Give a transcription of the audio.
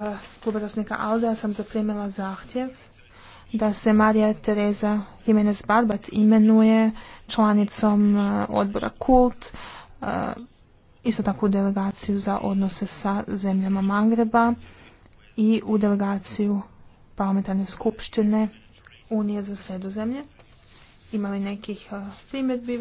Eh, kluba Alda sam zaprimila zahtjev da se Marija Tereza Jimenez Barbat imenuje članicom eh, odbora Kult, eh, isto tako u delegaciju za odnose sa zemljama Magreba i u delegaciju parlamentarne skupštine Unije za sredozemlje. Imali nekih primjedbi